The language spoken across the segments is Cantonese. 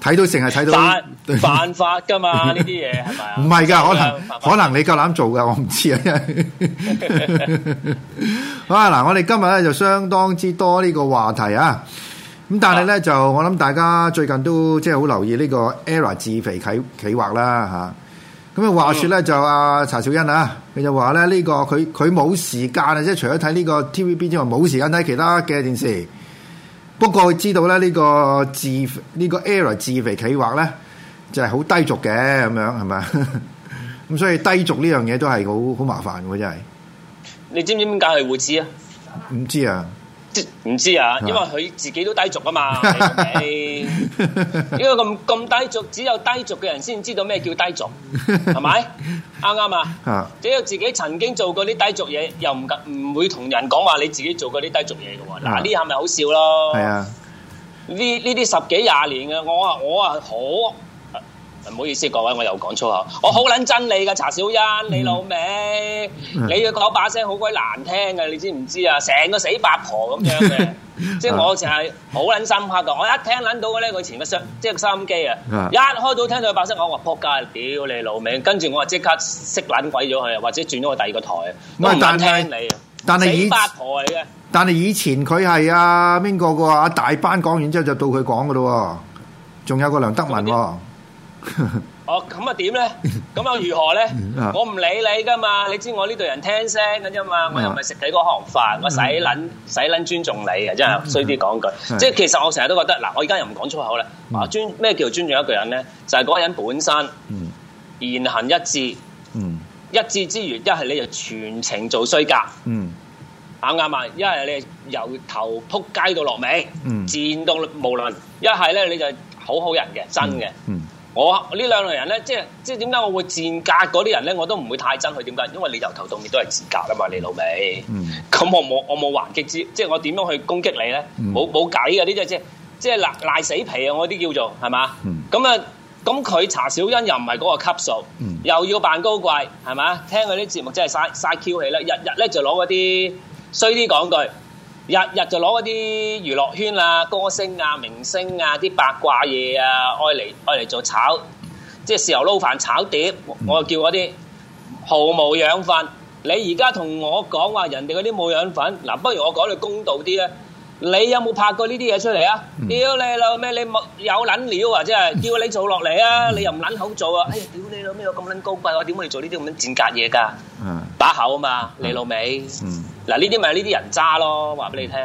睇到成日睇到，到但對犯法噶嘛？呢啲嘢係咪啊？唔係噶，可能可能你夠膽做噶，我唔知啊。 好啊，嗱，我哋今日咧就相當之多呢個話題啊。咁但係咧就我諗大家最近都即係好留意呢個 ERROR 自肥企企劃啦吓。咁啊，話說咧、嗯、就阿查、啊、小欣啊，佢就話咧呢、這個佢佢冇時間啊，即係除咗睇呢個 TVB 之外，冇時間睇其他嘅電視。 不過知道咧，呢個自呢、呢個 ERA 自肥企劃咧，就係好低俗嘅咁樣，係咪？咁 所以低俗呢樣嘢都係好好麻煩嘅，真係。你知唔知點解佢會知，知啊？唔知啊。唔知啊，因為佢自己都低俗啊嘛，係咪？ 因為咁咁低俗，只有低俗嘅人先知道咩叫低俗，係咪？ 啱啱啊？只有 自己曾經做過啲低俗嘢，又唔唔會同人講話你自己做過啲低俗嘢嘅喎。嗱，呢下咪好笑咯。係啊， 呢呢啲十幾廿年嘅，我啊我啊好。唔好意思，各位，我又講粗口。我好撚憎你噶，查小欣，你老味，嗯、你要嗰把聲好鬼難聽嘅，你知唔知啊？成個死八婆咁樣嘅， 即係我成係好撚深刻噶。我一聽撚到嘅咧，佢前個箱即係收音機啊，嗯、一開到聽到佢把聲，我話撲街，屌的說你老味，跟住我話即刻熄撚鬼咗佢啊，或者轉咗我第二個台啊。我唔是聽你，但是死八婆嚟嘅。但係以前佢係啊，邊個嘅話？大班講完之後就到佢講嘅咯，仲有個梁德文。 哦，咁啊點咧？咁又如何咧？ 嗯、我唔理你噶嘛，你知我呢隊人聽聲嘅啫嘛，我又唔係食你嗰行飯，我使撚使撚尊重你嘅，真係衰啲講句。即係其實我成日都覺得，嗱，我而家又唔講粗口啦。尊咩叫尊重一個人咧？就係、是、嗰人本身言行一致，一致之餘，一係你就全程做衰格，啱啱啊？一係你由頭扑街到落尾，戰到無論，一係咧你就好好人嘅，真嘅。嗯嗯我兩呢兩類人咧，即係即係點解我會賤格嗰啲人咧，我都唔會太憎佢，點解？因為你由頭到尾都係賤格啊嘛，你老味。嗯，咁我冇我冇還擊之，即係我點樣去攻擊你咧？冇冇計嘅呢啲即係即係賴賴死皮啊！我啲叫做係嘛？咁啊，咁佢、嗯、查小欣又唔係嗰個級數，嗯、又要扮高貴係嘛？聽佢啲節目真係嘥嘥 Q 氣啦！日日咧就攞嗰啲衰啲講句。日日就攞嗰啲娛樂圈啊、歌星啊、明星啊啲八卦嘢啊，愛嚟愛嚟做炒，即係豉油撈飯炒碟，我就叫嗰啲毫無養分。你而家同我講話，人哋嗰啲冇養分，嗱，不如我講你公道啲啊。你有冇拍過呢啲嘢出嚟啊？屌你老咩！你冇有撚料啊，即係叫你做落嚟啊？你又唔撚口做啊？哎屌你老咩！我咁撚高貴，我點可以做呢啲咁樣賤格嘢㗎、啊？把、嗯、口啊嘛，你老味。嗯嗯嗯嗱，呢啲咪係呢啲人渣咯，話俾你聽。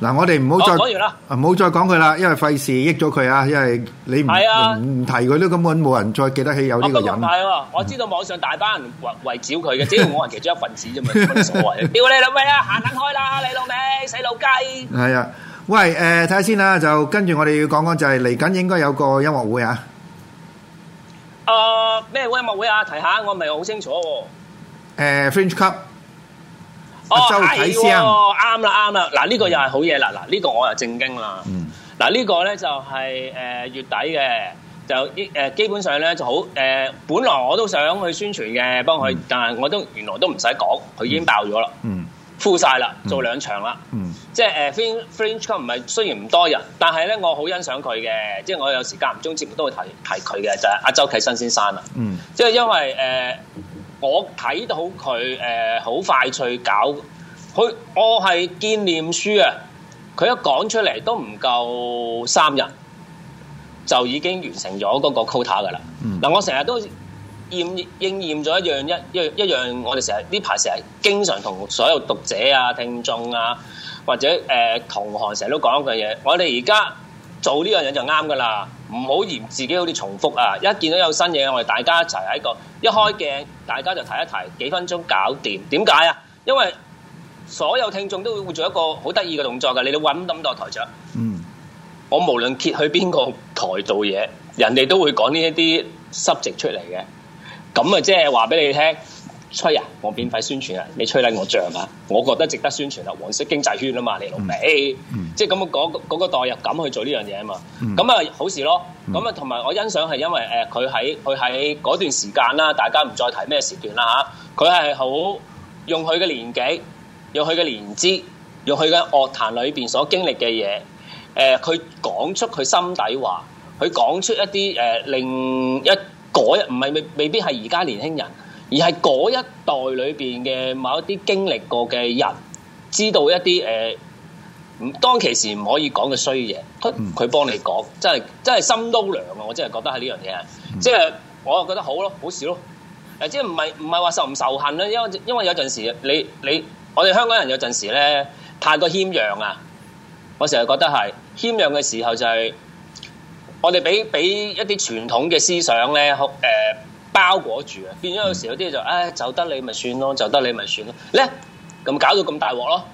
嗱，我哋唔好再講完啦。啊，唔好再講佢啦，因為費事益咗佢啊，因為你唔唔提佢，都根本冇人再記得起有呢個人。哦，唔係喎，我知道網上大班人圍圍剿佢嘅，只要我係其中一份子啫嘛，冇乜所謂。屌你老味啊，行緊開啦，你老味死老雞！係啊，喂，誒，睇下先啦，就跟住我哋要講講就係嚟緊應該有個音樂會啊。哦，咩音樂會啊？提下，我唔係好清楚喎。誒，Fringe Club。啊、哦、係、哎、喎，啱啦，啱、這個、啦，嗱、這、呢個又係好嘢啦，嗱、這、呢個我又正經啦，嗱呢個咧就係誒月底嘅，就啲基本上咧就好誒、呃，本來我都想去宣傳嘅，幫佢、嗯，但係我都原來都唔使講，佢已經爆咗啦，嗯，full 曬啦，做兩場啦，嗯，即係誒、啊、Fringe Club 唔係雖然唔多人，但係咧我好欣賞佢嘅，即係我有時間唔中節目都會提提佢嘅就係、是、阿周啟生先生啊，嗯，即係因為誒。呃呃我睇到佢誒好快脆搞佢，我係見念書啊！佢一講出嚟都唔夠三日，就已經完成咗嗰個 quota 噶啦。嗱、嗯啊，我成日都驗應驗咗一樣一一樣一樣，一一一樣我哋成日呢排成日經常同所有讀者啊、聽眾啊或者誒、呃、同行成日都講一句嘢，我哋而家。做呢樣嘢就啱噶啦，唔好嫌自己好似重複啊！一見到有新嘢，我哋大家一齊喺個一開鏡，大家就提一提，幾分鐘搞掂。點解啊？因為所有聽眾都會做一個好得意嘅動作嘅，你你搵咁多台長？嗯，我無論揭去邊個台做嘢，人哋都會講呢一啲濕席出嚟嘅。咁啊，即係話俾你聽。吹啊！我免費宣傳啊！你吹啦，我漲啊！我覺得值得宣傳啊！黃色經濟圈啊嘛，你老味，嗯嗯、即係咁樣個代入感去做呢樣嘢啊嘛！咁啊、嗯，好事咯！咁啊、嗯，同埋我欣賞係因為誒，佢喺佢喺嗰段時間啦，大家唔再提咩時段啦嚇，佢係好用佢嘅年紀，用佢嘅年資，用佢嘅樂壇裏邊所經歷嘅嘢，誒、呃，佢講出佢心底話，佢講出一啲誒、呃、另一個唔係未未必係而家年輕人。而係嗰一代裏邊嘅某一啲經歷過嘅人，知道一啲誒，唔、呃、當其時唔可以講嘅衰嘢，佢佢幫你講，真係真係心都涼啊！我真係覺得係呢樣嘢啊！嗯、即係我又覺得好咯，好事咯。誒，即係唔係唔係話受唔受限咧？因為因為有陣時你你，我哋香港人有陣時咧，太過謙讓啊！我成日覺得係謙讓嘅時候就係、是、我哋俾俾一啲傳統嘅思想咧，誒、呃。包裹住啊，嗯、變咗有時有啲嘢就，唉，就得你咪算，你算咯，就得你咪算咯。咧咁搞到咁大鑊咯。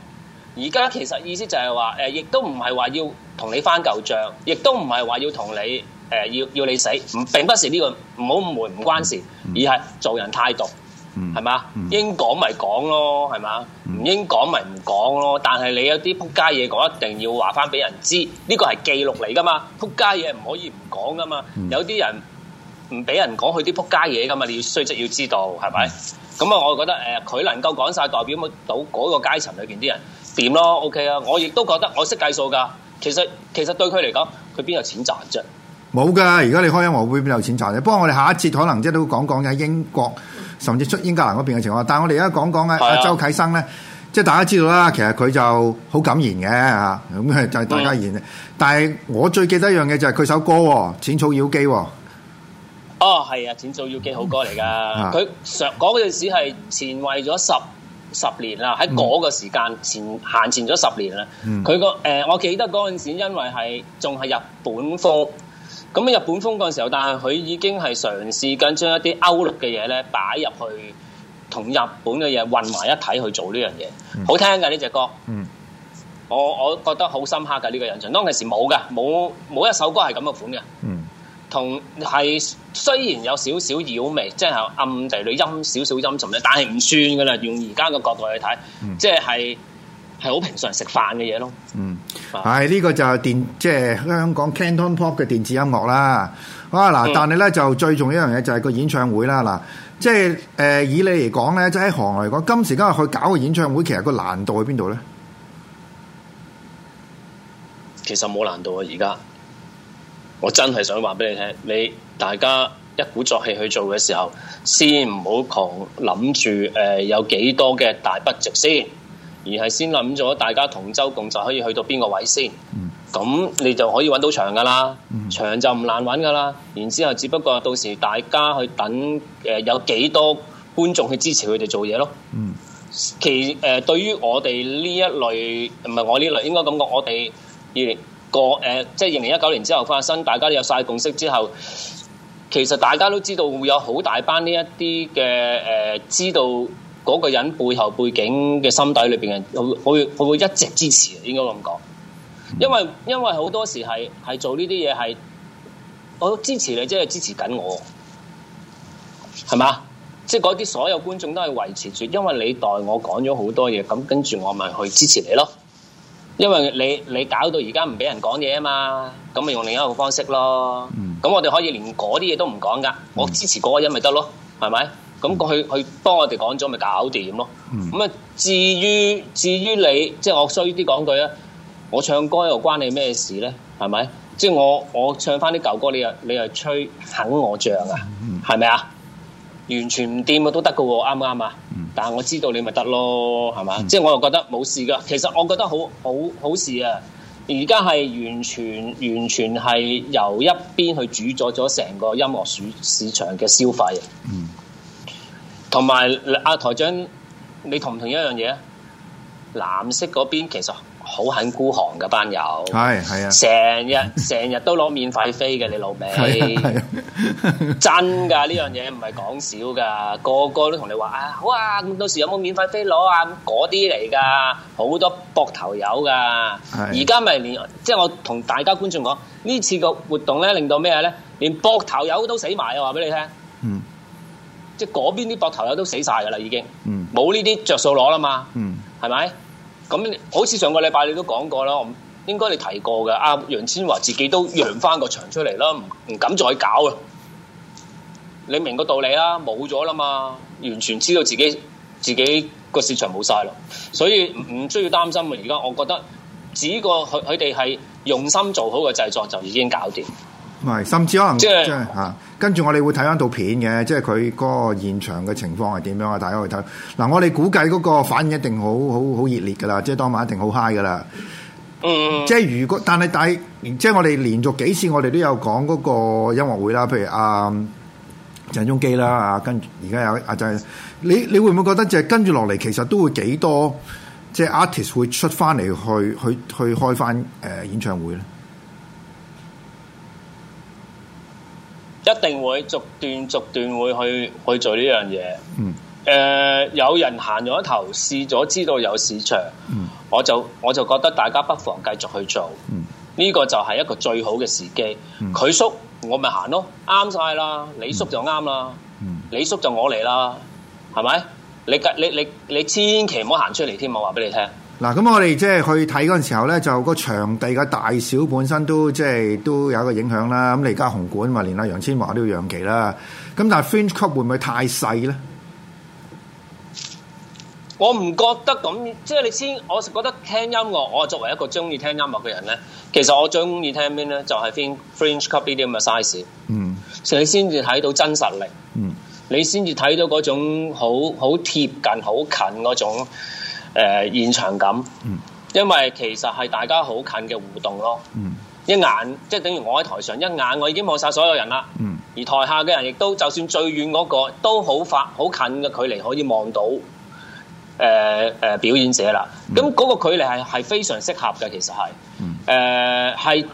而家其實意思就係話，誒、呃，亦都唔係話要同你翻舊賬，亦都唔係話要同你，誒、呃，要要你死。並不是呢、這個，唔好誤會，唔關事，而係做人態度，係嘛、嗯？應講咪講咯，係嘛？唔應講咪唔講咯。但係你有啲仆街嘢講，一定要話翻俾人知。呢個係記錄嚟噶嘛，仆街嘢唔可以唔講噶嘛。嗯、有啲人。唔俾人講佢啲撲街嘢噶嘛？你要須知要知道係咪？咁啊，我覺得誒，佢能夠講曬，代表到嗰個階層裏邊啲人點咯？OK 啊，我亦都覺得我識計數噶。其實其實對佢嚟講，佢邊有錢賺啫？冇噶，而家你開音樂會邊有錢賺啫？不過我哋下一節可能即係都講講嘅英國，甚至出英格蘭嗰邊嘅情況。但係我哋而家講講咧，阿周啟生咧，即係大家知道啦。其實佢就好敢言嘅嚇，咁就係大家言。但係我最記得一樣嘢就係佢首歌《淺草妖姬》。哦，係啊，錢素要幾好歌嚟噶，佢上嗰陣時係前衛咗十十年啦，喺嗰、嗯、個時間前行前咗十年啦。佢、嗯、個誒、呃，我記得嗰陣時因為係仲係日本風，咁日本風嗰陣時候，但係佢已經係嘗試緊將一啲歐陸嘅嘢咧擺入去，同日本嘅嘢混埋一體去做呢樣嘢，嗯、好聽噶呢隻歌。嗯，我我覺得好深刻噶呢、這個印象，當其時冇噶，冇冇一首歌係咁嘅款嘅。同係雖然有少少妖味，即係暗地裏陰少少陰沉咧，但係唔算噶啦。用而家嘅角度去睇，即係係好平常食飯嘅嘢咯。嗯，係呢個就係電即係香港 Canton Pop 嘅電子音樂啦。好啊！嗱，但係咧、嗯、就最重要一樣嘢就係個演唱會啦。嗱，即係誒、呃、以你嚟講咧，即喺行內嚟講，今時今日去搞個演唱會，其實個難度喺邊度咧？其實冇難度啊！而家。我真係想話俾你聽，你大家一鼓作氣去做嘅時候，先唔好窮諗住誒有幾多嘅大 budget 先，而係先諗咗大家同舟共濟可以去到邊個位先。咁、嗯、你就可以揾到場噶啦，嗯、場就唔難揾噶啦。然之後，只不過到時大家去等誒、呃、有幾多觀眾去支持佢哋做嘢咯。嗯、其誒、呃、對於我哋呢一類，唔係我呢類，應該感覺我哋而。以我誒，即係二零一九年之後發生，大家都有晒共識之後，其實大家都知道會有好大班呢一啲嘅誒，知道嗰個人背後背景嘅心底裏邊嘅，會會會會一直支持，應該咁講。因為因為好多時係係做呢啲嘢係，我支持你，即係支持緊我，係嘛？即係嗰啲所有觀眾都係維持住，因為你代我講咗好多嘢，咁跟住我咪去支持你咯。因為你你搞到而家唔俾人講嘢啊嘛，咁咪用另一個方式咯。咁、嗯、我哋可以連嗰啲嘢都唔講噶，我支持嗰個人咪得咯，係咪、嗯？咁佢佢幫我哋講咗咪搞掂咯。咁啊、嗯，至於至於你，即係我衰啲講句啊，我唱歌又關你咩事咧？係咪？即係我我唱翻啲舊歌，你又你又吹肯我脹啊？係咪啊？完全唔掂啊都得嘅喎，啱唔啱啊？但係我知道你咪得咯，係嘛？嗯、即係我又覺得冇事噶。其實我覺得好好好事啊！而家係完全完全係由一邊去主宰咗成個音樂市市場嘅消費，啊。嗯。同埋阿台長，你同唔同意一樣嘢啊？藍色嗰邊其實好肯孤寒嘅班友，係係啊，成日成日都攞免費飛嘅你老味。係啊。 真噶，呢樣嘢唔係講笑噶，個個都同你話啊好啊，咁到時有冇免費飛攞啊？嗰啲嚟噶，好多膊頭友噶。而家咪連，即係我同大家觀眾講，呢次個活動咧令到咩咧？連膊頭友都死埋啊！話俾你聽，嗯，即係嗰邊啲膊頭友都死晒噶啦，已經，嗯，冇呢啲着數攞啦嘛，嗯，係咪？咁好似上個禮拜你都講過啦。應該你提過嘅，阿楊千華自己都讓翻個場出嚟啦，唔唔敢再搞啊！你明個道理啦，冇咗啦嘛，完全知道自己自己個市場冇晒啦，所以唔需要擔心，而家我覺得只個佢佢哋係用心做好個製作，就已經搞掂，唔甚至可能即係嚇，跟住我哋會睇翻套片嘅，即係佢嗰個現場嘅情況係點樣啊？大家去睇嗱，我哋估計嗰個反應一定好好好熱烈噶啦，即係當晚一定好嗨 i g 噶啦。嗯、即係如果，但係但係，即係我哋連續幾次我哋都有講嗰個音樂會啦，譬如呃、阿鄭中基啦，啊，跟住而家有阿鄭、啊，你你會唔會覺得就係跟住落嚟，其實都會幾多，即係 artist 會出翻嚟去去去開翻誒演唱會咧？一定會，逐段逐段會去去做呢樣嘢。嗯。誒有人行咗頭，試咗知道有市場，我就我就覺得大家不妨繼續去做，呢個就係一個最好嘅時機。佢縮我咪行咯，啱晒啦！你縮就啱啦，你縮就我嚟啦，係咪？你你你你千祈唔好行出嚟添，我話俾你聽。嗱，咁我哋即係去睇嗰陣時候咧，就個場地嘅大小本身都即係都有一個影響啦。咁你而家紅館話連阿楊千嬅都要讓期啦，咁但係 Fringe Club 會唔會太細咧？我唔覺得咁，即係你先，我係覺得聽音樂。我作為一個中意聽音樂嘅人咧，其實我中意聽邊咧，就係、是、聽 Fringe Club 呢啲咁嘅 size。嗯，所以先至睇到真實力。嗯，你先至睇到嗰種好好貼近、好近嗰種誒、呃、現場感。嗯，因為其實係大家好近嘅互動咯。嗯、一，一眼即係等於我喺台上一眼，我已經望晒所有人啦。嗯，而台下嘅人亦都就算最遠嗰、那個都好 far 好近嘅距離可以望到。誒誒、呃呃、表演者啦，咁嗰、嗯、個距離係係非常適合嘅，其實係誒係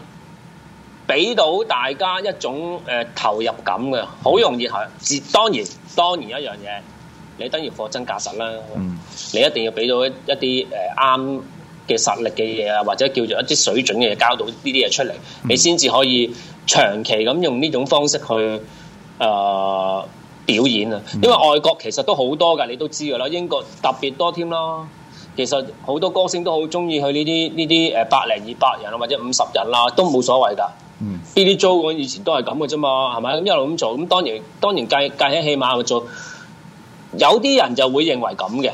俾到大家一種誒、呃、投入感嘅，好容易係、嗯。當然當然一樣嘢，你等於貨真價實啦。嗯、你一定要俾到一啲誒啱嘅實力嘅嘢啊，或者叫做一啲水準嘅嘢，交到呢啲嘢出嚟，你先至可以長期咁用呢種方式去誒。呃呃表演啊，因為外國其實都好多噶，你都知噶啦，英國特別多添咯。其實好多歌星都好中意去呢啲呢啲誒百零二百人啊，或者五十人啦，都冇所謂噶。Billy Joel 以前都係咁嘅啫嘛，係咪？咁一路咁做，咁當然當然計計起起碼做。有啲人就會認為咁嘅，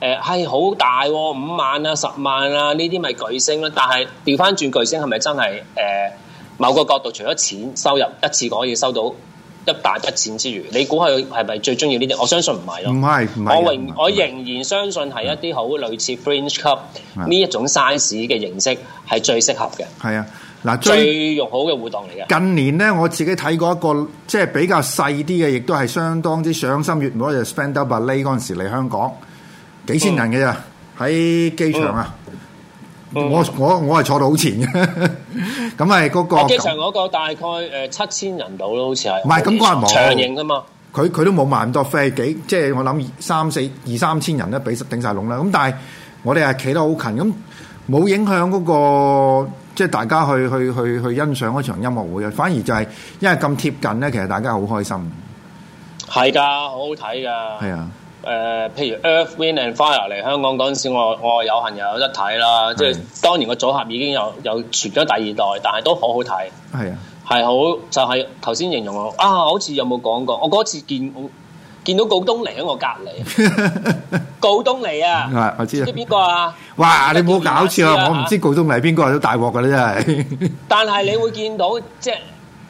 誒係好大五萬啊十萬啊呢啲咪巨星啦。但係掉返轉巨星係咪真係誒、呃、某個角度除咗錢收入一次過可以收到？一大筆錢之餘，你估係係咪最中意呢啲？我相信唔係咯，唔係，我仍我仍然相信係一啲好類似 Fringe Club 呢一種 size 嘅形式係最適合嘅。係啊，嗱最肉好嘅活動嚟嘅。近年咧，我自己睇過一個即係比較細啲嘅，亦都係相當之賞心悅目。就 Spandau Ballet 嗰陣時嚟香港，幾千人嘅咋喺機場啊！嗯我我我係坐到好前嘅、 那個，咁係嗰個機場嗰個大概誒七千人度咯，好似係唔係？咁嗰日冇長型噶嘛？佢佢都冇賣咁多飛，幾即係我諗三四二三千人咧，俾頂晒籠啦。咁但係我哋係企得好近，咁冇影響嗰、那個即係、就是、大家去去去去欣賞嗰場音樂會嘅。反而就係因為咁貼近咧，其實大家好開心。係噶，好好睇噶。係啊。誒、呃，譬如 Earth, Wind and Fire 嚟香港嗰陣時我，我我有幸又有得睇啦。是的 即係當年個組合已經有有傳咗第二代，但係都好好睇。係啊是的，係好就係頭先形容我啊，好似有冇講過？我嗰次見見到告東尼喺我隔離，告東尼啊，我知，知啊，知邊個啊？哇！你冇搞笑啊！我唔知告東尼係邊個都大鑊㗎咧，真係、啊。 但係你會見到即係。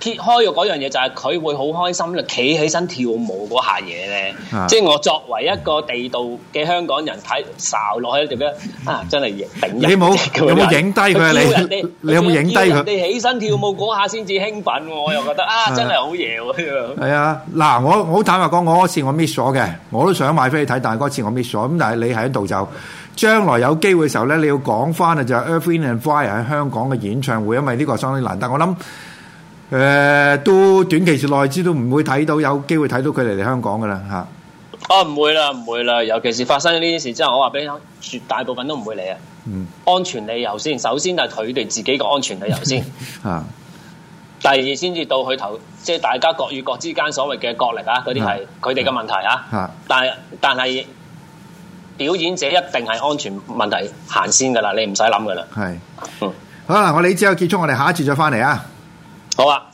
揭開咗嗰樣嘢就係佢會好開心，就企起身跳舞嗰下嘢咧。即係我作為一個地道嘅香港人睇，受落去就覺得啊！真係嘢，你冇有冇影低佢，你你有冇影低佢？你起身跳舞嗰下先至興奮喎！我又覺得啊，真係好嘢喎！呢個係啊，嗱，我好坦白講，我嗰次我 miss 咗嘅，我都想買飛去睇，但係嗰次我 miss 咗。咁但係你喺度就將來有機會嘅時候咧，你要講翻啊，就係 Earth and Fire 喺香港嘅演唱會，因為呢個相當難得。我諗。誒、呃，都短期之內都唔會睇到，有機會睇到佢嚟嚟香港噶啦吓。哦、啊，唔會啦，唔會啦，尤其是發生呢件事之後，我話俾你聽，絕大部分都唔會嚟啊。嗯，安全理由先，首先就係佢哋自己個安全理由先。啊，第二先至到去頭，即係大家各與各之間所謂嘅角力啊，嗰啲係佢哋嘅問題啊。但係但係，表演者一定係安全問題，行先噶啦，你唔使諗噶啦。係是，嗯、好啦，我哋之後結束，我哋下一次再翻嚟啊。好啊。